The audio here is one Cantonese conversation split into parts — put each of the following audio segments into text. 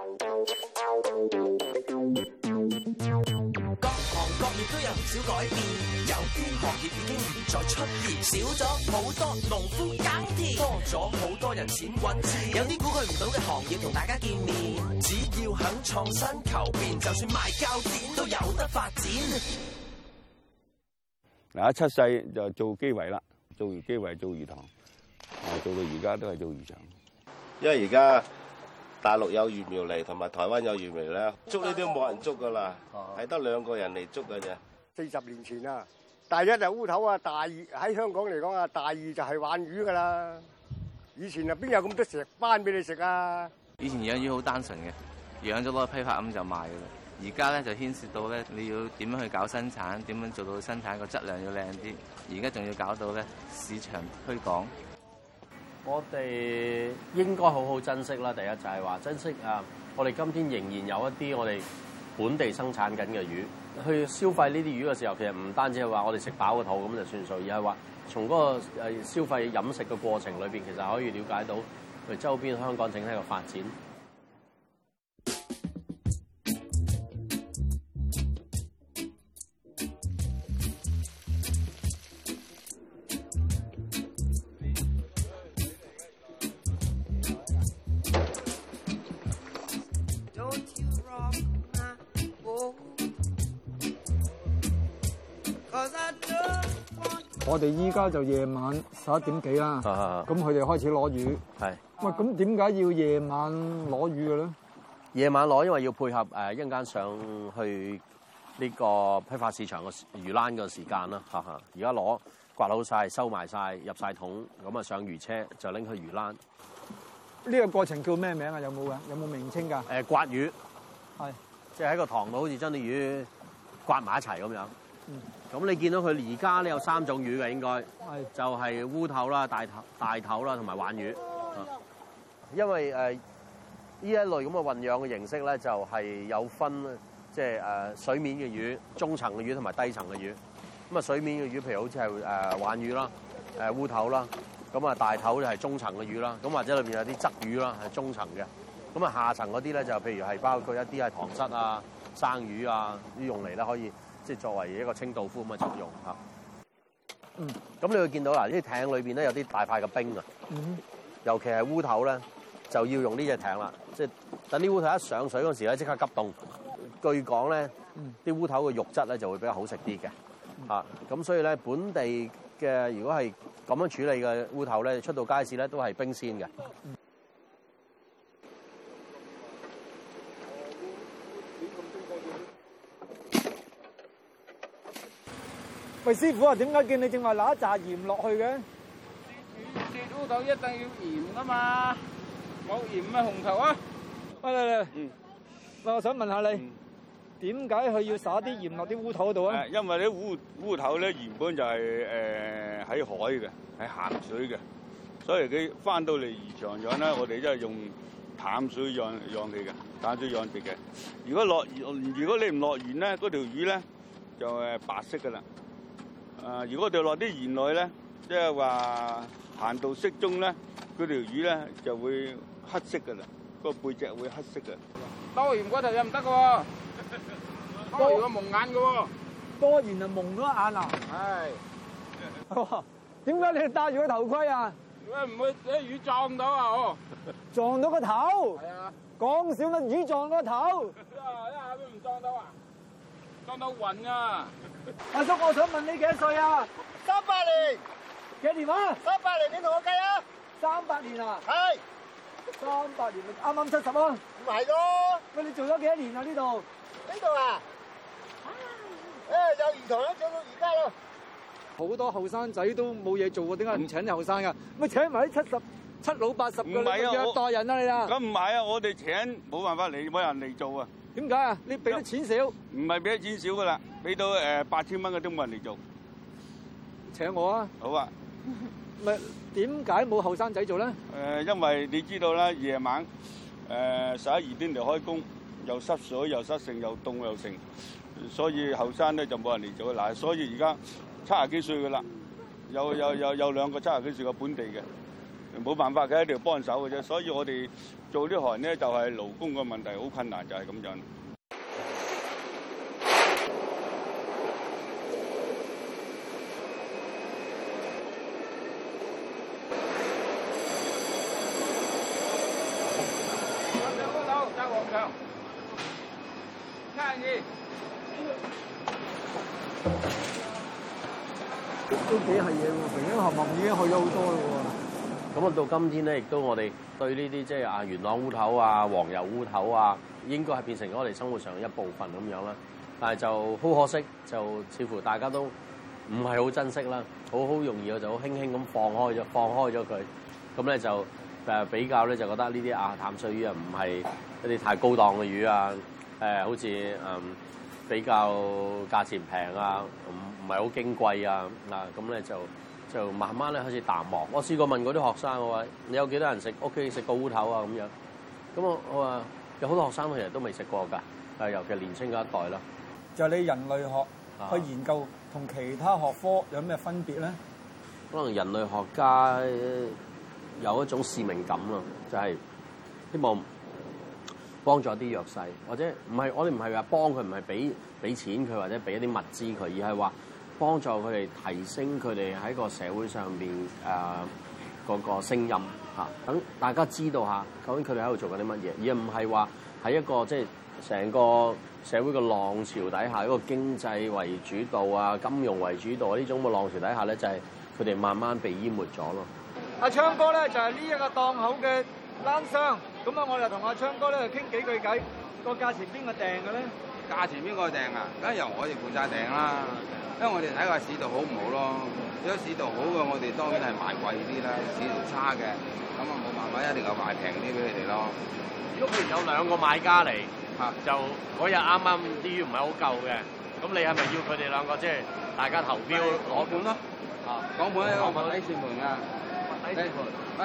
各行各業都有唔少改變，有啲行業已經唔再出現，少咗好多農夫耕田，多咗好多人錢滾錢。有啲估佢唔到嘅行業同大家見面，只要肯創新求變，就算賣膠剪都有得發展。嗱，一出世就做基圍啦，做完基圍做魚塘，做到而家都係做魚場，因為而家。大陸有魚苗嚟，同埋台灣有魚苗啦。捉呢啲冇人捉噶啦，係、嗯、得兩個人嚟捉嘅啫。四十年前啊，大一就烏頭啊，大二喺香港嚟講啊，大二就係玩魚噶啦。以前啊，邊有咁多石斑俾你食啊？以前養魚好單純嘅，養咗攞去批發咁就賣嘅啦。而家咧就牽涉到咧，你要點樣去搞生產，點樣做到生產個質量要靚啲。而家仲要搞到咧市場推廣。我哋應該好好珍惜啦。第一就係話珍惜啊，我哋今天仍然有一啲我哋本地生產緊嘅魚，去消費呢啲魚嘅時候，其實唔單止係話我哋食飽個肚咁就算數，而係話從嗰個誒消費飲食嘅過程裏邊，其實可以了解到佢周邊香港整體嘅發展。我哋依家就夜晚十一點幾啦，咁佢哋開始攞魚，是是為什麼拿魚。係，喂，咁點解要夜晚攞魚嘅咧？夜晚攞，因為要配合誒一陣間上去呢、呢個批發市場個魚欄個時間啦。哈哈，而家攞刮好晒、收埋晒、入晒桶，咁啊，上魚車，就拎去魚欄。呢個過程叫咩名啊？有冇啊？有冇名稱㗎？誒、呃，刮魚。係。即係喺個塘度，好似將啲魚刮埋一齊咁樣。咁你見到佢而家咧有三種魚嘅，應該就係烏頭啦、大頭大頭啦，同埋鯇魚。因為誒呢、呃、一類咁嘅混養嘅形式咧，就係有分即係誒水面嘅魚、中層嘅魚同埋低層嘅魚。咁啊，水面嘅魚，譬如好似係玩鯇魚啦、誒、呃、烏頭啦，咁啊大頭就係中層嘅魚啦。咁或者裏面有啲鯽魚啦，係中層嘅。咁啊，下層嗰啲咧就譬如係包括一啲係塘虱啊、生魚啊，魚用嚟咧可以。即係作為一個清道夫咁嘅作用嚇。嗯。咁你會見到啦，呢啲艇裏邊咧有啲大塊嘅冰啊、嗯。尤其係烏頭咧，就要用呢隻艇啦。即係等啲烏頭一上水嗰時咧，即刻急凍。據講咧，啲、嗯、烏頭嘅肉質咧就會比較好食啲嘅。嚇、嗯。咁、啊、所以咧，本地嘅如果係咁樣處理嘅烏頭咧，出到街市咧都係冰鮮嘅。嗯。師傅啊，點解見你正話攞一紮鹽落去嘅？煮雪烏頭一定要鹽啊嘛！冇鹽咪紅頭啊！喂，嚟嚟，嗯，我想問下你，點解佢要撒啲鹽落啲烏頭度啊？因為啲烏烏頭咧原本就係誒喺海嘅，喺鹹水嘅，所以佢翻到嚟魚場養咧，我哋都係用淡水養養佢嘅，淡水養殖嘅。如果落如果你唔落鹽咧，嗰條魚咧就係白色噶啦。誒，如果我哋落啲鹽落去咧，即係話鹹度適中咧，嗰條魚咧就會黑色噶啦，個背脊會黑色嘅。多鹽嗰頭又唔得嘅喎，多鹽會矇眼嘅喎，多鹽就矇咗一眼啦。係。哇！點解你戴住個頭盔啊？因為唔會啲魚撞到啊！哦，撞到個頭。係啊，講少咪魚撞個頭。啊！一下都唔撞到啊？啱啱雲啊！阿叔，我想問你幾歲啊？三八年，幾年啊？三八年，你同我計啊？三八年啊？係。三八年，啱啱七十啊？唔係咯？咁你做咗幾多年啊？呢度？呢度啊？誒，有兒童啦，做到而家咯。好多後生仔都冇嘢做啊，點解唔請啲後生噶？咪請埋啲七十七老八十，唔係啊，代人啦你啦。咁唔係啊，我哋請冇辦法嚟，冇人嚟做啊。點解啊？你俾得錢少？唔係俾得錢少噶啦，俾到誒八千蚊嘅，都冇人嚟做，請我啊！好啊，咪點解冇後生仔做咧？誒，因為你知道啦，夜晚誒十一二點就開工，又濕水又濕性又凍又成，所以後生咧就冇人嚟做。嗱，所以而家七十幾歲噶啦，有有有有兩個七十幾歲嘅本地嘅。冇辦法嘅，一定要幫手嘅啫，所以我哋做呢行咧就係勞工嘅問題，好困難就係咁樣。到今天咧，亦都我哋對呢啲即係啊，元朗烏頭啊、黃油烏頭啊，應該係變成咗我哋生活上一部分咁樣啦。但係就好可惜，就似乎大家都唔係好珍惜啦，好好容易就好輕輕咁放開咗，放開咗佢。咁咧就誒比較咧，就覺得呢啲啊淡水魚啊，唔係一啲太高檔嘅魚啊，誒好似嗯比較價錢平啊，唔唔係好矜貴啊，啊咁咧就。就慢慢咧開始淡忘。我試過問嗰啲學生，我話：你有幾多人食屋企食過烏頭啊？咁樣咁我我話有好多學生其實都未食過㗎。誒，尤其年青嗰一代啦。就係、是、你人類學去研究同其他學科有咩分別咧、啊？可能人類學家有一種使命感咯，就係、是、希望幫助啲弱勢，或者唔係我哋唔係話幫佢，唔係俾俾錢佢，或者俾一啲物資佢，而係話。幫助佢哋提升佢哋喺個社會上邊誒嗰個聲音嚇，等大家知道下，究竟佢哋喺度做緊啲乜嘢，而唔係話喺一個即係成個社會嘅浪潮底下，一個經濟為主導啊、金融為主導呢種嘅浪潮底下咧，就係佢哋慢慢被淹沒咗咯、啊。阿昌哥咧就係呢一個檔口嘅冷箱，咁啊，我哋同阿昌哥咧傾幾句偈，個價錢邊個訂嘅咧？價錢邊個訂啊？梗係由我哋負責訂啦，因為我哋睇個市道好唔好咯。如果市道好嘅，我哋當然係賣貴啲啦；市道差嘅，咁啊冇辦法，一定係賣平啲俾佢哋咯。如果譬如有兩個買家嚟，嚇、啊、就嗰日啱啱啲魚唔係好夠嘅，咁你係咪要佢哋兩個即係大家投標攞盤咯？嚇，講盤啊！物底扇門啊！物底扇門,門。喂，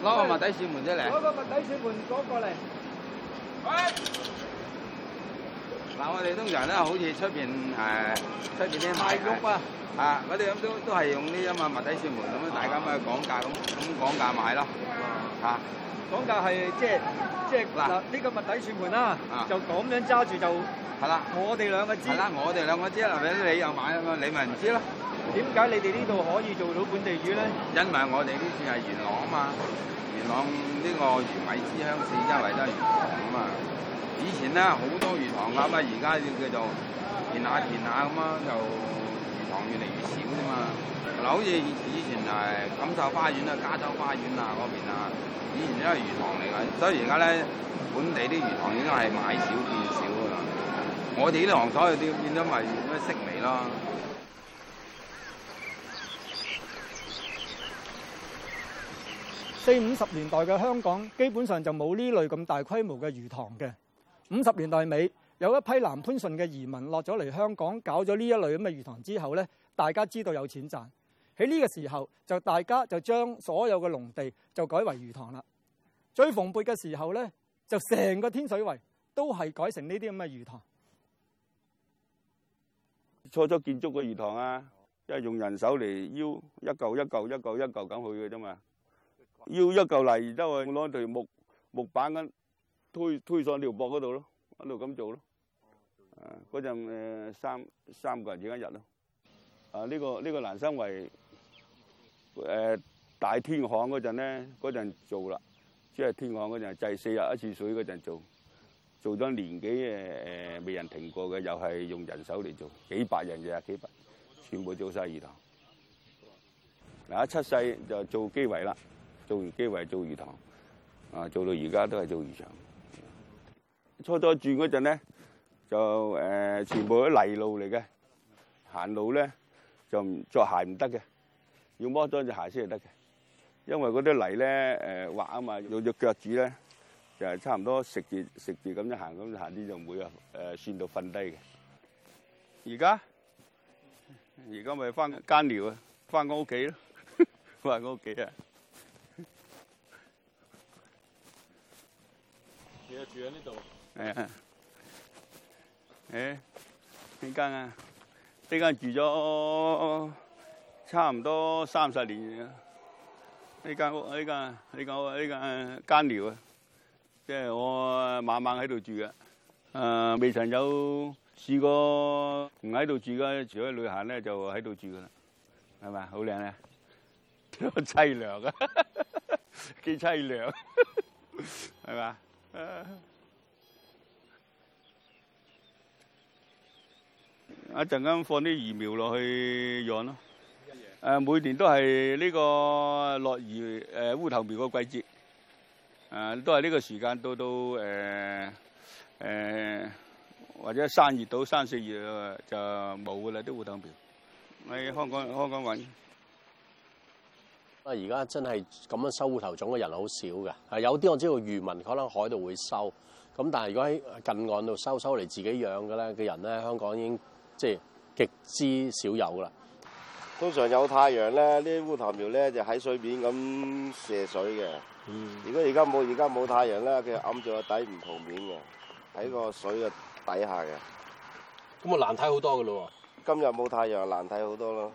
攞個物底扇門出嚟。攞個物底扇門攞過嚟。喂！嗱，我哋通常咧，好似出邊誒，出邊啲買屋啊，啊，嗰啲咁都都係用啲咁啊物體算盤咁啊，大家咁啊講價咁，咁講價買咯，嚇。講價係即係即係嗱，呢個物體算盤啦，就咁樣揸住就。係啦。我哋兩個知。係啦，我哋兩個知，嗱，你又買啊嘛，你咪唔知咯。點解你哋呢度可以做到本地魚咧？因為我哋呢次係元朗啊嘛，元朗呢個魚米之鄉，四周嚟都係元朗咁啊。以前咧好多魚塘鴨啦，而家叫叫做填下填下咁就魚塘越嚟越少啫嘛。嗱，好似以前啊，錦繡花園啊、加州花園啊嗰邊啊，以前都係魚塘嚟嘅，所以而家咧本地啲魚塘已經係買少見少啦。我哋呢行所有啲變咗咪咩式微咯。四五十年代嘅香港，基本上就冇呢類咁大規模嘅魚塘嘅。五十年代尾有一批南番順嘅移民落咗嚟香港，搞咗呢一類咁嘅魚塘之後咧，大家知道有錢賺。喺呢個時候就大家就將所有嘅農地就改為魚塘啦。最蓬勃嘅時候咧，就成個天水圍都係改成呢啲咁嘅魚塘。初初建築嘅魚塘啊，因為用人手嚟邀一嚿一嚿一嚿一嚿咁去嘅啫嘛，要一嚿泥之後攞對木木板咁。推推上寮博嗰度咯，一度咁做咯。啊，嗰陣誒三三個人而一日咯。啊，呢個呢個南生圍誒大天旱嗰陣咧，嗰陣做啦，即係天旱嗰陣制四日一次水嗰陣做，做咗年幾誒誒，未人停過嘅，又係用人手嚟做，幾百人嘅幾百，全部做晒魚塘。嗱，一出世就做基圍啦，做完基圍做魚塘，啊，做到而家都係做魚場。初初住嗰陣咧，就誒、呃，全部啲泥路嚟嘅，路呢不鞋不行路咧，就著鞋唔得嘅，要摸裝住鞋先係得嘅。因為嗰啲泥咧誒、呃、滑啊嘛，用隻腳趾咧就係差唔多食住食住咁樣行，咁行啲就唔會啊誒跣到瞓低嘅。而家而家咪翻間寮啊，翻我屋企咯，翻我屋企啊。你啊住喺呢度？係啊，誒呢間啊，呢間住咗差唔多三十年啊，呢間屋，呢間呢個呢個間寮啊即係我晚晚喺度住嘅啊，未曾有試過唔喺度住噶，除咗旅行咧就喺度住噶啦，係咪好靚啊，凄涼啊，幾凄涼，係咪。一陣間放啲魚苗落去養咯。誒，每年都係呢個落魚誒烏頭苗個季節，誒都係呢個時間到到誒誒或者三月到三四月就冇噶啦啲烏頭苗。喺香港，香港揾。而家真係咁樣收烏頭種嘅人好少噶。啊，有啲我知道漁民可能海度會收，咁但係如果喺近岸度收收嚟自己養嘅咧，嘅人咧，香港已經。即係極之少有啦。通常有太陽咧，啲烏頭苗咧就喺水面咁射水嘅。嗯、如果而家冇而家冇太陽咧，佢就揞住個底唔同面嘅，喺個水嘅底下嘅。咁啊難睇好多噶咯。今日冇太陽難睇好多咯。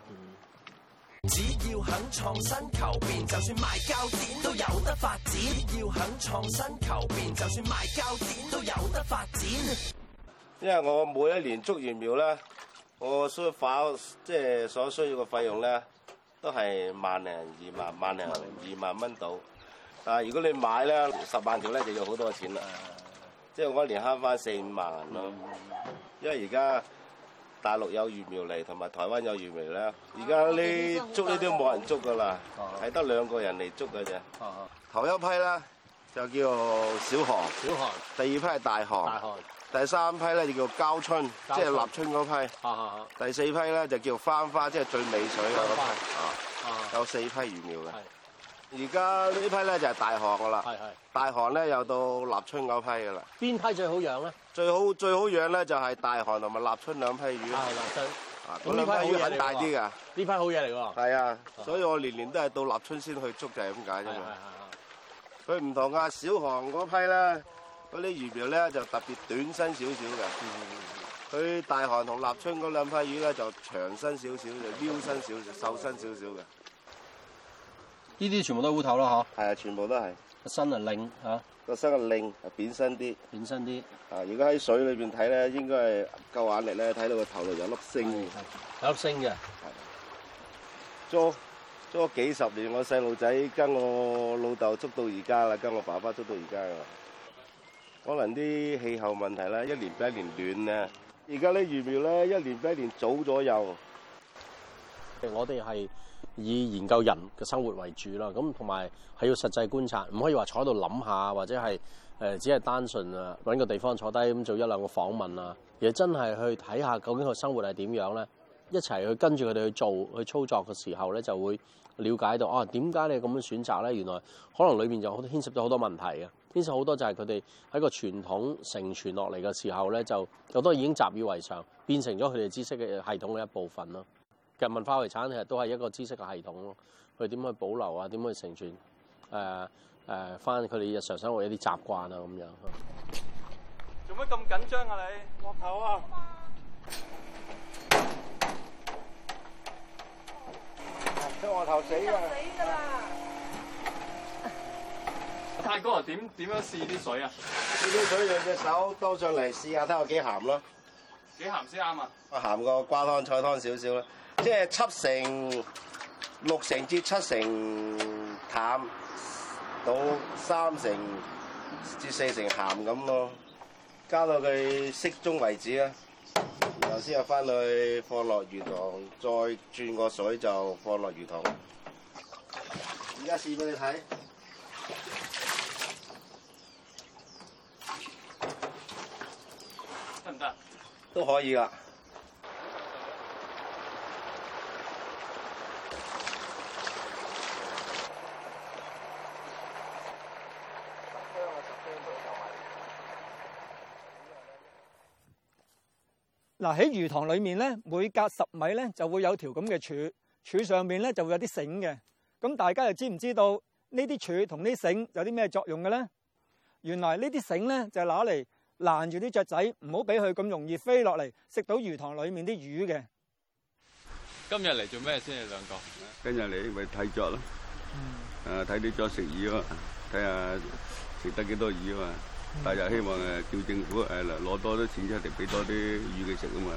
只要肯創新求變，就算賣膠墊都有得發展。只要肯創新求變，就算賣膠墊都有得發展。因為我每一年捉魚苗咧，我所花即係所需要嘅費用咧，都係萬零二萬萬零二萬蚊到。但係如果你買咧，十萬條咧就要好多錢啦。即係我一年慳翻四五萬咯。因為而家大陸有魚苗嚟，同埋台灣有魚苗嚟。而家呢捉呢啲冇人捉噶啦，係得兩個人嚟捉噶啫、啊嗯。頭一批咧就叫小韓，第二批係大韓。大第三批咧就叫交春，交春即係立春嗰批、啊啊。第四批咧就叫翻花，即係最尾水嗰批、啊啊啊。有四批魚苗嘅。而家呢批咧就係大寒噶啦。大寒咧又到立春嗰批噶啦。邊批最好養咧？最好最好養咧就係大寒同埋立春兩批魚。咁呢批魚很大啲噶？呢，就是，呢批好嘢嚟㗎。係啊，所以我年年都係到立春先去捉就，就係咁解啫嘛。佢唔同啊，小寒嗰批呢。嗰啲魚苗咧就特別短身少少嘅，佢 大寒同立春嗰兩批魚咧就長身少少，就腰身少少、瘦身少少嘅。呢啲全部都烏頭啦，嗬？係啊，全部都係。個身是啊，靚吓，個身啊，靚，扁身啲，扁身啲。啊，如果喺水裏邊睇咧，應該係夠眼力咧，睇到個頭度有粒星嘅，有粒星嘅。捉咗幾十年，我細路仔跟我老豆捉到而家啦，跟我爸爸捉到而家噶。可能啲氣候問題啦，一年比一年暖咧。而家呢魚苗咧，一年比一年早咗右我哋係以研究人嘅生活為主啦，咁同埋係要實際觀察，唔可以話坐喺度諗下，或者係只係單純啊揾個地方坐低咁做一兩個訪問啊。而真係去睇下究竟佢生活係點樣咧？一齊去跟住佢哋去做去操作嘅時候咧，就會了解到啊，點解你咁樣選擇咧？原來可能裏面就好牽涉咗好多問題嘅。因此好多就係佢哋喺個傳統承傳落嚟嘅時候咧，就好多已經習以為常，變成咗佢哋知識嘅系統嘅一部分咯。其實文化遺產其實都係一個知識嘅系統咯。佢點去保留啊？點去承傳？誒、呃、誒，翻佢哋日常生活的一啲習慣啊咁樣。做乜咁緊張啊你？鑊頭啊！將鑊頭、啊、頭死㗎喇！大哥，點點樣試啲水啊？試啲水兩隻手兜上嚟試下睇有幾咸咯。幾咸先啱啊？咸過瓜湯菜湯少少啦，即係七成六成至七成淡到三成至四成咸咁咯。加到佢適中為止啦，然後先又返去放落魚塘，再轉個水就放落魚塘。而家試俾你睇。都可以啊。嗱，喺魚塘裏面呢，每隔十米呢就會有條咁嘅柱，柱上面呢就會有啲繩嘅。咁大家又知唔知道呢啲柱同呢繩有啲咩作用嘅呢？原來呢啲繩呢就係攞嚟。攔住啲雀仔，唔好俾佢咁容易飛落嚟食到魚塘裏面啲魚嘅。今日嚟做咩先啊？兩個今日嚟咪睇雀咯，啊睇啲雀食魚啊，睇下食得幾多魚啊，嗯，但又希望誒叫政府誒攞多啲錢出嚟俾多啲魚佢食啊嘛。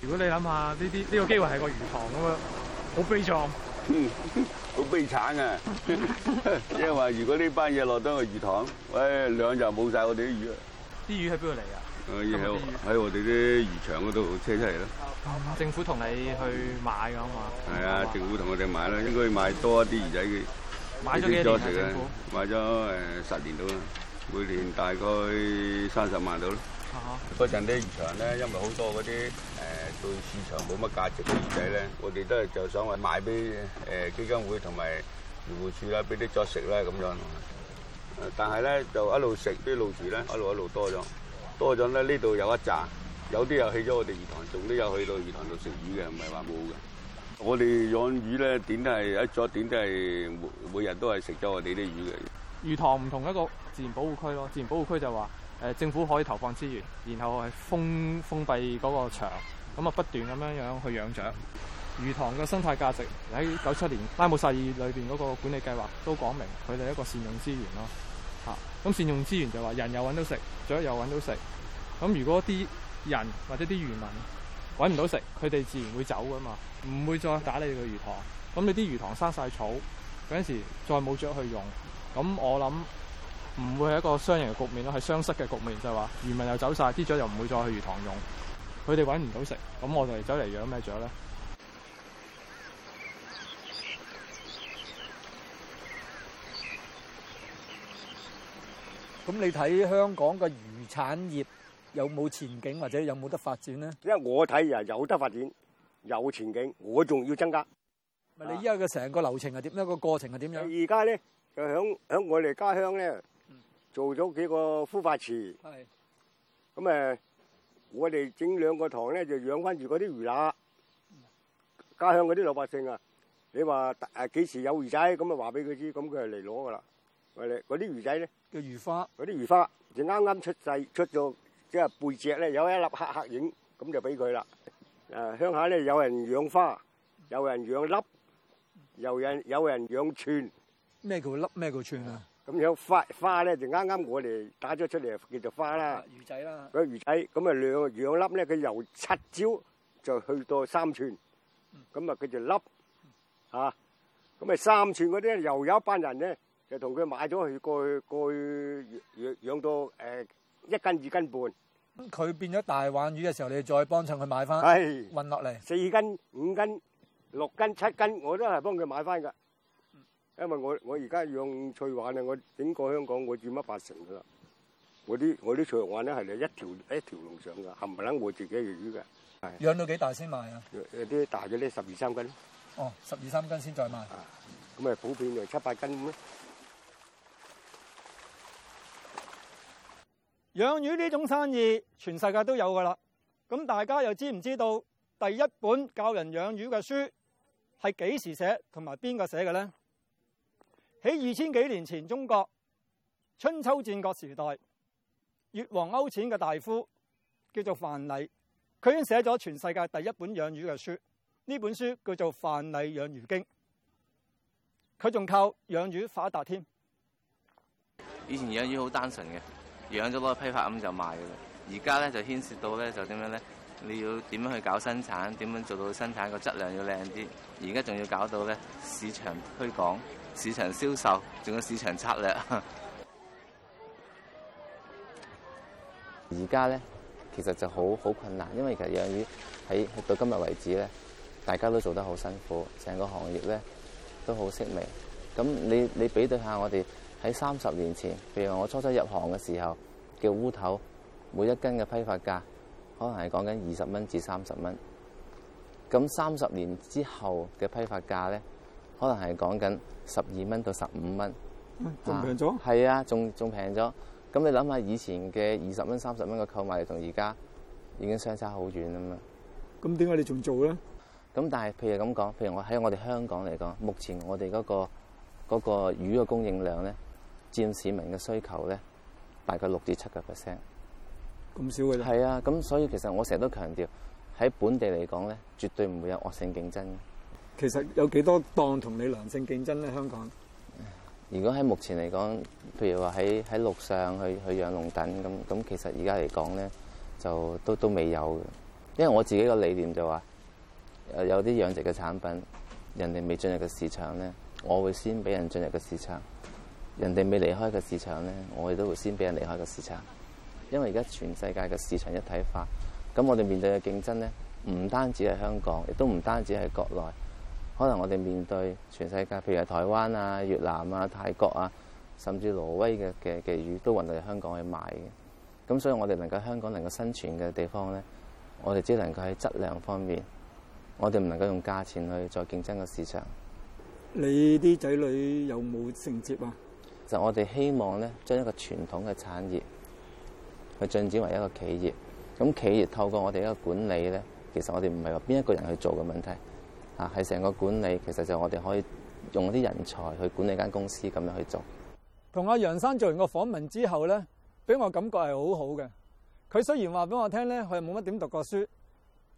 如果你諗下呢啲呢個機會係個魚塘咁啊，好悲壯。嗯好悲慘啊！ 因為如果呢班嘢落到去魚塘，喂，兩日就冇晒我哋啲魚啊！啲魚喺邊度嚟啊？誒，喺喺我哋啲魚場嗰度車出嚟咯。政府同你去買㗎嘛？係啊，政府同我哋買啦，應該多買多啲魚仔嘅。買咗幾多年政府？買咗誒十年到啦，每年大概三十萬到。嗰陣啲魚場咧，因為好多嗰啲誒對市場冇乜價值嘅魚仔咧，我哋都係就想話賣俾誒基金會同埋漁護署啦，俾啲作食啦咁樣。但係咧就一路食啲老鼠咧，一路一路多咗，多咗咧呢度有一扎，有啲又去咗我哋魚塘，仲都有去到魚塘度食魚嘅，唔係話冇嘅。我哋養魚咧，點都係一作點都係每每日都係食咗我哋啲魚嘅。魚塘唔同一個自然保護區咯，自然保護區就話。誒政府可以投放資源，然後係封封閉嗰個牆，咁啊不斷咁樣去養長，魚塘嘅生態價值喺九七年拉姆薩爾裏面嗰個管理計劃都講明，佢哋一個善用資源咯。咁、啊、善用資源就話人又搵到食，雀又搵到食。咁如果啲人或者啲漁民揾唔到食，佢哋自然會走噶嘛，唔會再打理你個魚塘。咁你啲魚塘生晒草，嗰陣時再冇雀去用，咁我諗。唔會係一個雙贏嘅局面咯，係雙失嘅局面，就係話漁民又走晒，啲雀又唔會再去魚塘用，佢哋揾唔到食，咁我哋走嚟養咩雀咧？咁你睇香港嘅漁產業有冇前景或者有冇得發展咧？因為我睇呀有得發展，有前景，我仲要增加。啊、你依家嘅成個流程係點樣？個過程係點樣？而家咧就響響我哋家鄉咧。做咗幾個孵化池，咁誒、嗯嗯，我哋整兩個塘咧，就養翻住嗰啲魚乸。家鄉嗰啲老百姓啊，你話誒幾時有魚仔，咁啊話俾佢知，咁佢係嚟攞噶啦。喂、嗯，嗰啲魚仔咧？叫魚花。嗰啲魚花，就啱啱出世，出咗即係背脊咧，有一粒黑黑影，咁就俾佢啦。誒、嗯，鄉下咧有人養花，有人養粒，有人有人養串。咩叫粒？咩叫串啊？咁樣花花咧就啱啱我哋打咗出嚟叫做花啦，魚仔啦，嗰魚仔咁啊，養養粒咧，佢由七朝就去到三寸，咁啊叫做粒嚇，咁啊三寸嗰啲又有一班人咧，就同佢買咗去過去過去養養養到誒一斤二斤半。咁佢變咗大鯇魚嘅時候，你再幫襯佢買翻，運落嚟四斤五斤六斤七斤，我都係幫佢買翻㗎。因為我我而家養脆鯇咧，我整個香港我佔咗八成噶啦。我啲我啲脆鯇咧係一條一條龍上噶，冚唪唥我自己嘅魚嘅。養到幾大先賣啊？有啲大嘅咧，十二三斤。哦，十二三斤先再賣。咁咪普遍咪七八斤咩？養魚呢種生意，全世界都有噶啦。咁大家又知唔知道第一本教人養魚嘅書係幾時寫，同埋邊個寫嘅咧？喺二千幾年前，中國春秋戰國時代，越王勾踐嘅大夫叫做范蠡，佢已經寫咗全世界第一本養魚嘅書。呢本書叫做《范蠡養魚經》，佢仲靠養魚發達添。以前養魚好單純嘅，養咗嗰個批發咁就賣嘅喇。而家咧就牽涉到咧就點樣咧？你要點樣去搞生產？點樣做到生產個質量要靚啲？而家仲要搞到咧市場推廣。市場銷售仲有市場策略，而家咧其實就好好困難，因為其實養魚喺到今日為止咧，大家都做得好辛苦，成個行業咧都好式微。咁你你比對下我哋喺三十年前，譬如話我初初入行嘅時候，叫烏頭，每一斤嘅批發價可能係講緊二十蚊至三十蚊。咁三十年之後嘅批發價咧？可能係講緊十二蚊到十五蚊，仲平咗，係啊，仲仲平咗。咁你諗下以前嘅二十蚊、三十蚊嘅購買力，同而家已經相差好遠啊嘛。咁點解你仲做咧？咁但係譬如咁講，譬如我喺我哋香港嚟講，目前我哋嗰個嗰個魚嘅供應量咧，佔市民嘅需求咧，大概六至七個 percent。咁少嘅啫。係啊，咁所以其實我成日都強調，喺本地嚟講咧，絕對唔會有惡性競爭。其實有幾多檔同你良性競爭咧？香港，如果喺目前嚟講，譬如話喺喺陸上去去養龍等咁咁，其實而家嚟講咧，就都都未有嘅。因為我自己個理念就話，有啲養殖嘅產品，人哋未進入嘅市場咧，我會先俾人進入個市場；人哋未離開嘅市場咧，我亦都會先俾人離開個市場。因為而家全世界嘅市場一體化，咁我哋面對嘅競爭咧，唔單止係香港，亦都唔單止係國內。可能我哋面對全世界，譬如台灣啊、越南啊、泰國啊，甚至挪威嘅嘅嘅魚都運到香港去賣嘅。咁所以，我哋能夠香港能夠生存嘅地方咧，我哋只能夠喺質量方面，我哋唔能夠用價錢去再競爭個市場。你啲仔女有冇承接啊？就我哋希望咧，將一個傳統嘅產業去進展為一個企業。咁企業透過我哋一個管理咧，其實我哋唔係話邊一個人去做嘅問題。啊，係成個管理，其實就我哋可以用啲人才去管理間公司咁樣去做。同阿楊生做完個訪問之後咧，俾我感覺係好好嘅。佢雖然話俾我聽咧，佢係冇乜點讀過書，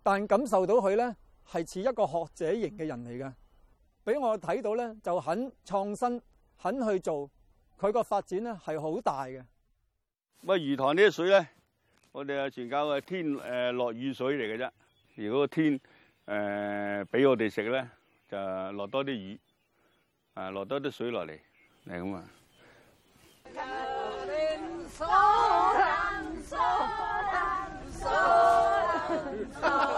但感受到佢咧係似一個學者型嘅人嚟嘅。俾我睇到咧，就肯創新，肯去做，佢個發展咧係好大嘅。咪魚塘呢啲水咧，我哋啊全靠嘅天誒、呃、落雨水嚟嘅啫。如果個天，誒、呃、俾我哋食咧，就落多啲魚，誒落多啲水落嚟，係咁啊！